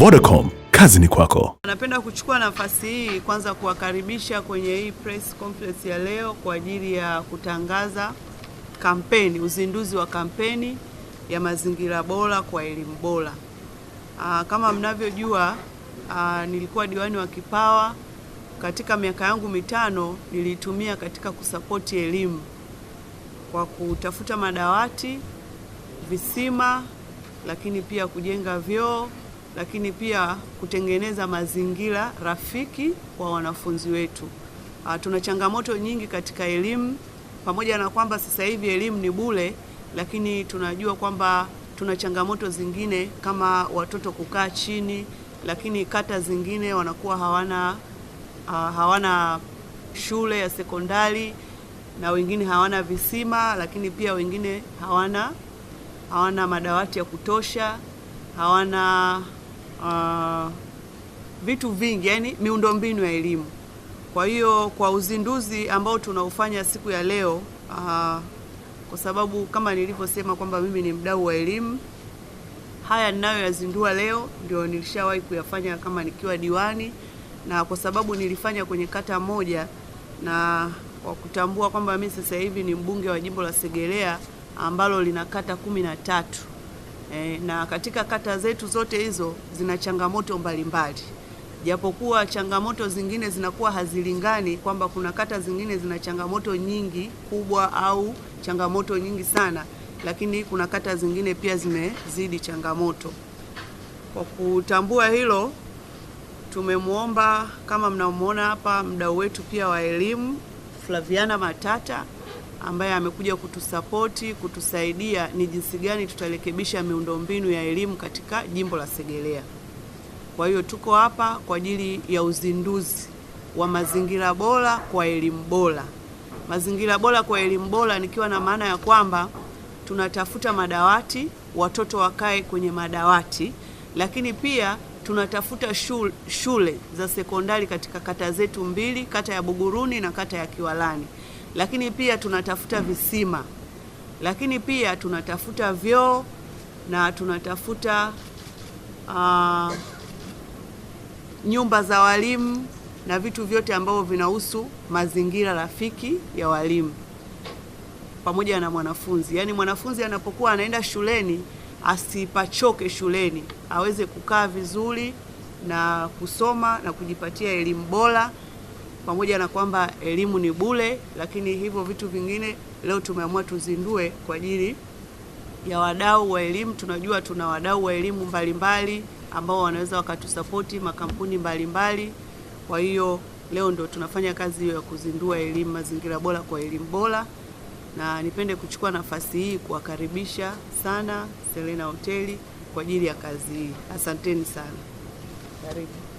Vodacom, kazi ni kwako. Napenda kuchukua nafasi hii kwanza kuwakaribisha kwenye hii press conference ya leo kwa ajili ya kutangaza kampeni, uzinduzi wa kampeni ya mazingira bora kwa elimu bora. Ah, kama mnavyojua, ah, nilikuwa diwani wa Kipawa katika miaka yangu mitano niliitumia katika kusapoti elimu kwa kutafuta madawati, visima, lakini pia kujenga vyoo lakini pia kutengeneza mazingira rafiki kwa wanafunzi wetu. Uh, tuna changamoto nyingi katika elimu, pamoja na kwamba sasa hivi elimu ni bure, lakini tunajua kwamba tuna changamoto zingine kama watoto kukaa chini, lakini kata zingine wanakuwa hawana uh, hawana shule ya sekondari na wengine hawana visima, lakini pia wengine hawana hawana madawati ya kutosha, hawana uh, vitu vingi, yani miundombinu ya elimu. Kwa hiyo kwa uzinduzi ambao tunaufanya siku ya leo uh, kwa sababu kama nilivyosema kwamba mimi ni mdau wa elimu, haya ninayoyazindua leo ndio nilishawahi kuyafanya kama nikiwa diwani, na kwa sababu nilifanya kwenye kata moja, na kwa kutambua kwamba mimi sasa hivi ni mbunge wa jimbo la Segerea ambalo lina kata kumi na tatu e, na katika kata zetu zote hizo zina changamoto mbalimbali, japokuwa changamoto zingine zinakuwa hazilingani, kwamba kuna kata zingine zina changamoto nyingi kubwa au changamoto nyingi sana, lakini kuna kata zingine pia zimezidi changamoto. Kwa kutambua hilo, tumemwomba kama mnamwona hapa, mdau wetu pia wa elimu Flaviana Matata ambaye amekuja kutusapoti kutusaidia ni jinsi gani tutarekebisha miundombinu ya elimu katika jimbo la Segerea. Kwa hiyo tuko hapa kwa ajili ya uzinduzi wa mazingira bora kwa elimu bora. Mazingira bora kwa elimu bora nikiwa na maana ya kwamba tunatafuta madawati, watoto wakae kwenye madawati, lakini pia tunatafuta shule, shule za sekondari katika kata zetu mbili, kata ya Buguruni na kata ya Kiwalani lakini pia tunatafuta visima, lakini pia tunatafuta vyoo na tunatafuta uh, nyumba za walimu na vitu vyote ambavyo vinahusu mazingira rafiki ya walimu pamoja na mwanafunzi. Yaani mwanafunzi anapokuwa anaenda shuleni asipachoke shuleni, aweze kukaa vizuri na kusoma na kujipatia elimu bora pamoja na kwamba elimu ni bule, lakini hivyo vitu vingine leo tumeamua tuzindue kwa ajili ya wadau wa elimu. Tunajua tuna wadau wa elimu mbalimbali ambao wanaweza wakatusapoti, makampuni mbalimbali. Kwa hiyo leo ndo tunafanya kazi hiyo ya kuzindua elimu, mazingira bora kwa elimu bora, na nipende kuchukua nafasi hii kuwakaribisha sana Selena Hoteli kwa ajili ya kazi hii. Asanteni sana, karibu.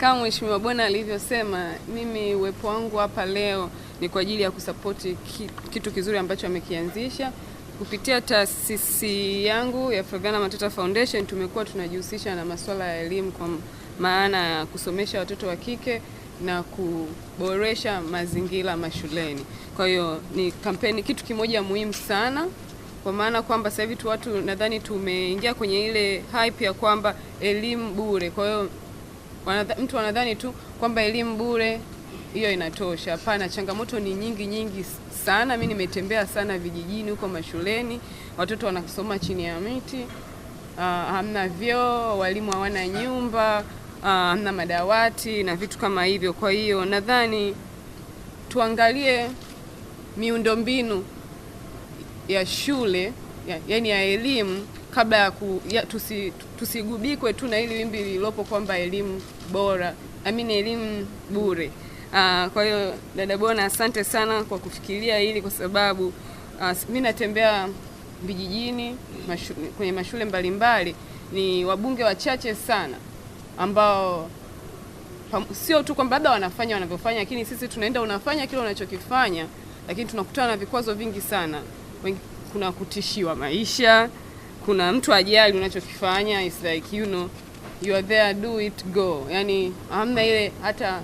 Kama Mheshimiwa Bona alivyosema, mimi uwepo wangu hapa leo ni kwa ajili ya kusapoti kitu kizuri ambacho amekianzisha kupitia taasisi yangu ya Flaviana Matata Foundation. Tumekuwa tunajihusisha na masuala ya elimu kwa maana ya kusomesha watoto wa kike na kuboresha mazingira mashuleni. Kwa hiyo ni kampeni, kitu kimoja muhimu sana kwa maana kwamba sasa hivi tu watu nadhani tumeingia kwenye ile hype ya kwamba elimu bure. Kwa hiyo Wanadha, mtu anadhani tu kwamba elimu bure hiyo inatosha. Hapana, changamoto ni nyingi nyingi sana. Mi nimetembea sana vijijini huko, mashuleni watoto wanasoma chini ya miti. Uh, hamna vyoo, walimu hawana nyumba, uh, hamna madawati na vitu kama hivyo. Kwa hiyo nadhani tuangalie miundombinu ya shule ya, ya elimu kabla ya, ku, ya tusi, tusigubikwe tu na hili wimbi lililopo kwamba elimu bora I mean elimu bure. Uh, kwa hiyo dada Bona, asante sana kwa kufikiria hili kwa sababu uh, mi natembea vijijini mashu, kwenye mashule mbalimbali mbali, ni wabunge wachache sana ambao sio tu kwamba labda wanafanya wanavyofanya, lakini sisi tunaenda unafanya kile unachokifanya, lakini tunakutana na vikwazo vingi sana. Kuna kutishiwa maisha, kuna mtu ajali unachokifanya, like you know you are there do it go, yani hamna ile hata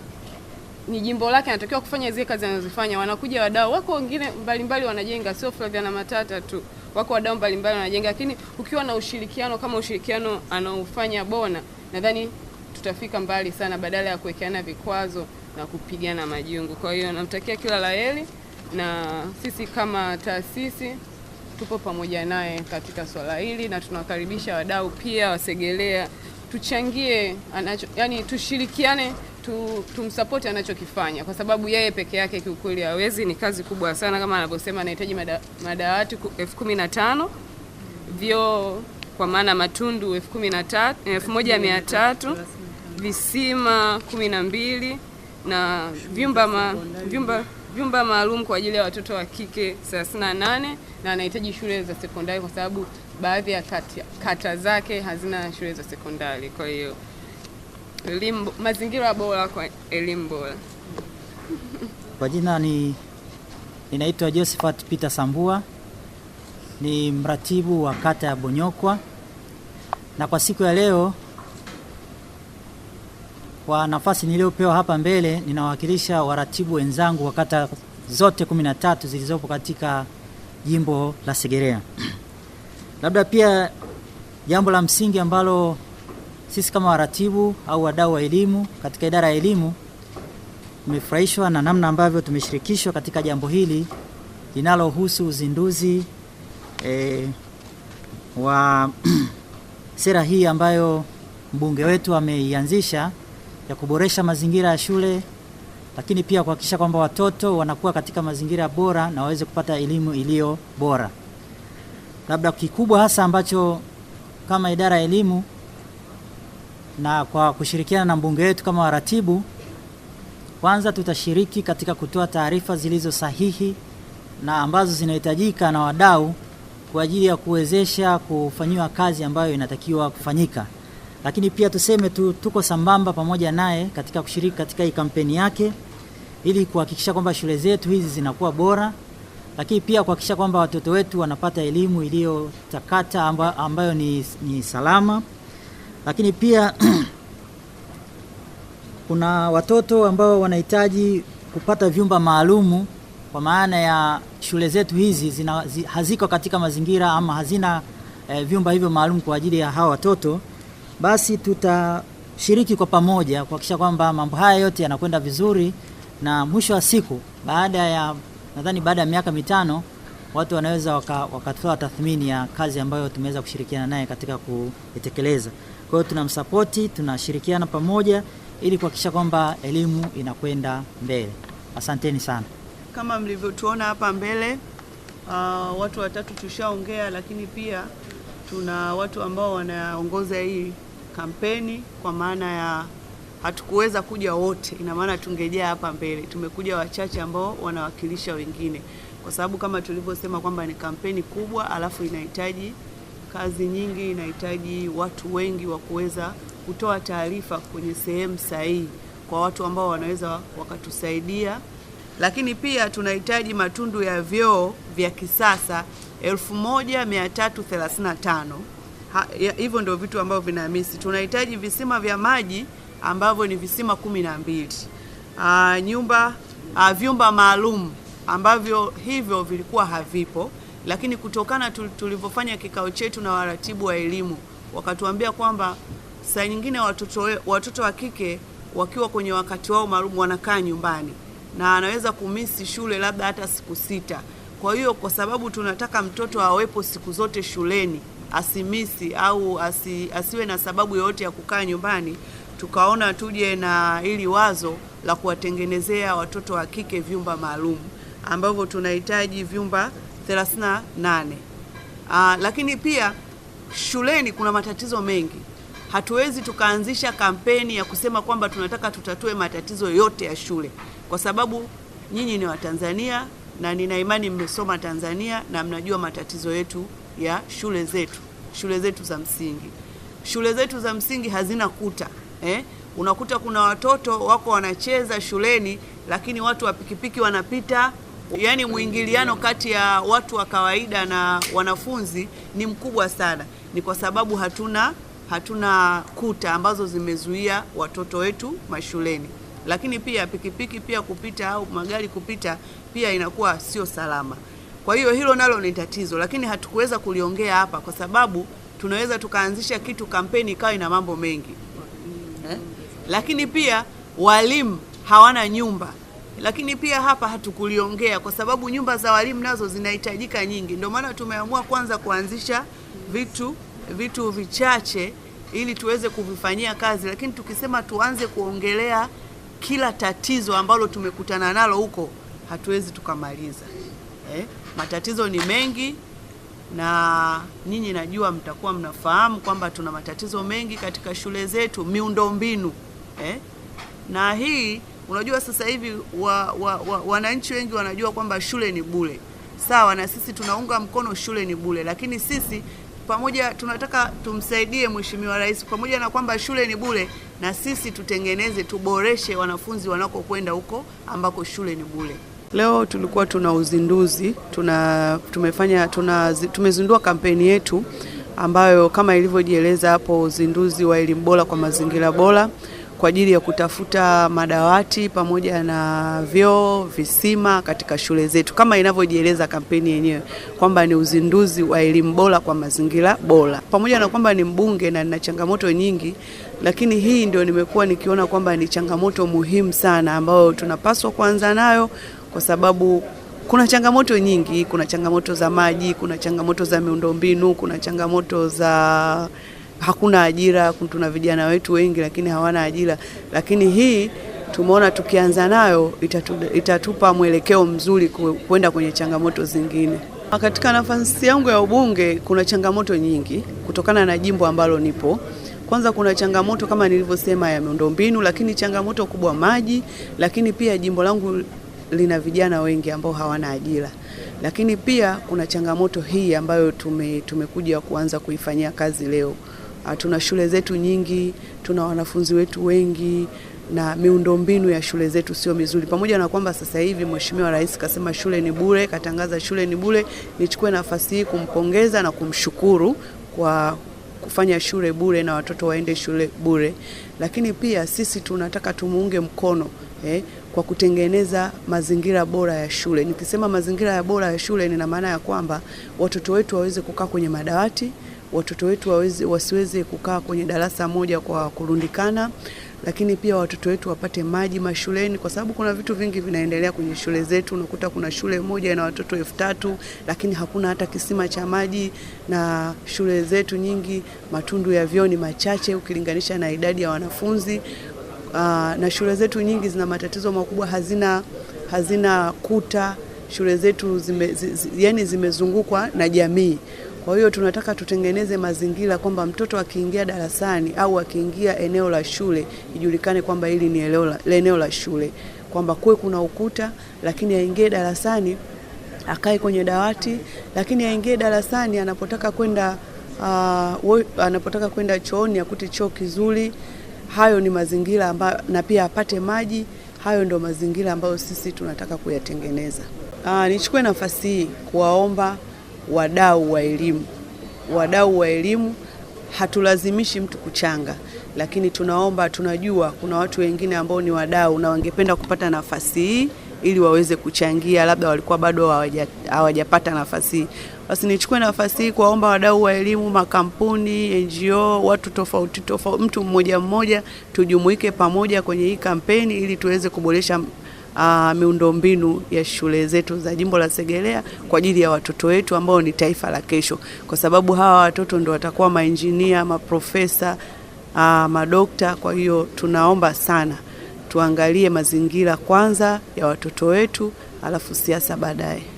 ni jimbo lake anatakiwa kufanya zile kazi anazofanya. Wanakuja wadau wako wengine mbalimbali wanajenga, sio na Matata tu, wako wadau mbalimbali wanajenga, lakini ukiwa na ushirikiano kama ushirikiano anaofanya Bona, nadhani tutafika mbali sana, badala ya kuwekeana vikwazo na kupigana majungu. Kwa hiyo namtakia kila laheli na sisi kama taasisi tupo pamoja naye katika swala hili, na tunawakaribisha wadau pia wasegelea tuchangie anacho, yani tushirikiane tu, tumsapoti anachokifanya kwa sababu yeye peke yake kiukweli hawezi. Ni kazi kubwa sana, kama anavyosema anahitaji madawati elfu kumi na tano vyoo kwa maana matundu elfu moja mia tatu visima kumi na mbili na vyumba ma, vyumba vyumba maalum kwa ajili ya watoto wa kike 38 na anahitaji shule za sekondari kwa sababu baadhi ya kata, kata zake hazina shule za sekondari, kwa hiyo mazingira bora kwa elimu bora. Kwa jina ni ninaitwa Josephat Peter Sambua, ni mratibu wa kata ya Bonyokwa, na kwa siku ya leo kwa nafasi niliyopewa hapa mbele, ninawakilisha waratibu wenzangu wa kata zote 13 zilizopo katika jimbo la Segerea. Labda pia jambo la msingi ambalo sisi kama waratibu au wadau wa elimu katika idara ya elimu tumefurahishwa na namna ambavyo tumeshirikishwa katika jambo hili linalohusu uzinduzi e, wa sera hii ambayo mbunge wetu ameianzisha ya kuboresha mazingira ya shule, lakini pia kuhakikisha kwamba watoto wanakuwa katika mazingira bora na waweze kupata elimu iliyo bora. Labda kikubwa hasa ambacho kama idara ya elimu na kwa kushirikiana na mbunge wetu kama waratibu, kwanza tutashiriki katika kutoa taarifa zilizo sahihi na ambazo zinahitajika na wadau kwa ajili ya kuwezesha kufanyiwa kazi ambayo inatakiwa kufanyika. Lakini pia tuseme tu, tuko sambamba pamoja naye katika kushiriki katika hii kampeni yake ili kuhakikisha kwamba shule zetu hizi zinakuwa bora lakini pia kuhakikisha kwamba watoto wetu wanapata elimu iliyotakata ambayo, ambayo ni, ni salama, lakini pia kuna watoto ambao wanahitaji kupata vyumba maalumu kwa maana ya shule zetu hizi zina, zi, haziko katika mazingira ama hazina eh, vyumba hivyo maalum kwa ajili ya hawa watoto, basi tutashiriki kwa pamoja kuhakikisha kwamba mambo haya yote yanakwenda vizuri, na mwisho wa siku baada ya nadhani baada ya miaka mitano watu wanaweza wakatoa waka tathmini ya kazi ambayo tumeweza kushirikiana naye katika kuitekeleza. Kwa hiyo tunamsapoti, tunashirikiana pamoja ili kuhakikisha kwamba elimu inakwenda mbele. Asanteni sana. Kama mlivyotuona hapa mbele, uh, watu watatu tushaongea, lakini pia tuna watu ambao wanaongoza hii kampeni kwa maana ya hatukuweza kuja wote, ina maana tungejaa hapa mbele. Tumekuja wachache ambao wanawakilisha wengine, kwa sababu kama tulivyosema kwamba ni kampeni kubwa, alafu inahitaji kazi nyingi, inahitaji watu wengi wa kuweza kutoa taarifa kwenye sehemu sahihi kwa watu ambao wanaweza wakatusaidia, lakini pia tunahitaji matundu ya vyoo vya kisasa 1335. Hivyo ndio vitu ambavyo vinamisi. Tunahitaji visima vya maji ambavyo ni visima kumi na mbili uh, nyumba uh, vyumba maalum ambavyo hivyo vilikuwa havipo, lakini kutokana tulivyofanya kikao chetu na waratibu wa elimu wakatuambia kwamba saa nyingine watoto, watoto wa kike wakiwa kwenye wakati wao maalum wanakaa nyumbani na anaweza kumisi shule labda hata siku sita. Kwa hiyo kwa sababu tunataka mtoto awepo siku zote shuleni asimisi au asi, asiwe na sababu yoyote ya kukaa nyumbani, tukaona tuje na ili wazo la kuwatengenezea watoto wa kike vyumba maalum ambavyo tunahitaji vyumba 38. Aa, ah, lakini pia shuleni kuna matatizo mengi. Hatuwezi tukaanzisha kampeni ya kusema kwamba tunataka tutatue matatizo yote ya shule, kwa sababu nyinyi ni Watanzania na nina imani mmesoma Tanzania na mnajua matatizo yetu ya shule zetu, shule zetu za msingi. Shule zetu za msingi hazina kuta eh? Unakuta kuna watoto wako wanacheza shuleni, lakini watu wa pikipiki wanapita. Yaani mwingiliano kati ya watu wa kawaida na wanafunzi ni mkubwa sana. Ni kwa sababu hatuna hatuna kuta ambazo zimezuia watoto wetu mashuleni, lakini pia pikipiki pia kupita au magari kupita pia inakuwa sio salama. Kwa hiyo hilo nalo ni tatizo, lakini hatukuweza kuliongea hapa kwa sababu tunaweza tukaanzisha kitu kampeni ikawa ina mambo mengi lakini pia walimu hawana nyumba. Lakini pia hapa hatukuliongea kwa sababu nyumba za walimu nazo zinahitajika nyingi, ndio maana tumeamua kwanza kuanzisha vitu vitu vichache ili tuweze kuvifanyia kazi, lakini tukisema tuanze kuongelea kila tatizo ambalo tumekutana nalo huko hatuwezi tukamaliza. Eh, matatizo ni mengi na nyinyi najua mtakuwa mnafahamu kwamba tuna matatizo mengi katika shule zetu, miundombinu eh? Na hii unajua sasa hivi wananchi wa, wa, wananchi wengi wanajua kwamba shule ni bule Sawa, na sisi tunaunga mkono shule ni bule lakini sisi pamoja tunataka tumsaidie Mheshimiwa Rais, pamoja na kwamba shule ni bule na sisi tutengeneze, tuboreshe wanafunzi wanakokwenda huko ambako shule ni bule Leo tulikuwa tuna uzinduzi, tuna tumefanya tuna, tumezindua kampeni yetu ambayo kama ilivyojieleza hapo, uzinduzi wa elimu bora kwa mazingira bora kwa ajili ya kutafuta madawati pamoja na vyoo, visima katika shule zetu kama inavyojieleza kampeni yenyewe kwamba ni uzinduzi wa elimu bora kwa mazingira bora. Pamoja na kwamba ni mbunge na nina changamoto nyingi, lakini hii ndio nimekuwa nikiona kwamba ni changamoto muhimu sana ambayo tunapaswa kuanza nayo kwa sababu kuna changamoto nyingi, kuna changamoto za maji, kuna changamoto za miundombinu, kuna changamoto za hakuna ajira. Tuna vijana wetu wengi lakini hawana ajira, lakini hii tumeona tukianza nayo itatu, itatupa mwelekeo mzuri kwenda kwenye changamoto zingine. Katika nafasi yangu ya ubunge kuna changamoto nyingi kutokana na jimbo ambalo nipo. Kwanza kuna changamoto kama nilivyosema ya miundombinu, lakini changamoto kubwa maji, lakini pia jimbo langu lina vijana wengi ambao hawana ajira, lakini pia kuna changamoto hii ambayo tume, tumekuja kuanza kuifanyia kazi leo. Ah, tuna shule zetu nyingi, tuna wanafunzi wetu wengi na miundombinu ya shule zetu sio mizuri, pamoja na kwamba sasa hivi Mheshimiwa Rais kasema shule ni bure, katangaza shule ni bure. Nichukue nafasi hii kumpongeza na kumshukuru kwa kufanya shule bure na watoto waende shule bure, lakini pia sisi tunataka tumuunge mkono eh, kwa kutengeneza mazingira bora ya shule. Nikisema mazingira ya bora ya shule, nina maana ya kwamba watoto wetu waweze kukaa kwenye madawati watoto wetu waweze, wasiweze kukaa kwenye darasa moja kwa kurundikana, lakini pia watoto wetu wapate maji mashuleni, kwa sababu kuna vitu vingi vinaendelea kwenye shule zetu. Unakuta kuna shule moja ina watoto elfu tatu lakini hakuna hata kisima cha maji, na shule zetu nyingi matundu ya vyoo ni machache ukilinganisha na idadi ya wanafunzi. Uh, na shule zetu nyingi zina matatizo makubwa, hazina, hazina kuta shule zetu zime, zi, zi, yani zimezungukwa na jamii. Kwa hiyo tunataka tutengeneze mazingira kwamba mtoto akiingia darasani au akiingia eneo la shule ijulikane kwamba hili ni eneo la, eneo la shule, kwamba kuwe kuna ukuta, lakini aingie darasani akae kwenye dawati, lakini aingie darasani anapotaka kwenda uh, anapotaka kwenda chooni akute choo kizuri. Hayo ni mazingira ambayo, na pia apate maji. Hayo ndio mazingira ambayo sisi tunataka kuyatengeneza. Uh, nichukue nafasi hii kuwaomba wadau wa elimu. Wadau wa elimu hatulazimishi mtu kuchanga, lakini tunaomba, tunajua kuna watu wengine ambao ni wadau na wangependa kupata nafasi hii ili waweze kuchangia, labda walikuwa bado hawajapata nafasi hii. Basi nichukue nafasi hii kuwaomba wadau wa elimu, makampuni, NGO, watu tofauti tofauti, mtu mmoja mmoja, tujumuike pamoja kwenye hii kampeni ili tuweze kuboresha uh, miundombinu ya shule zetu za jimbo la Segerea kwa ajili ya watoto wetu ambao ni taifa la kesho, kwa sababu hawa watoto ndio watakuwa mainjinia, maprofesa, uh, madokta. Kwa hiyo tunaomba sana tuangalie mazingira kwanza ya watoto wetu, alafu siasa baadaye.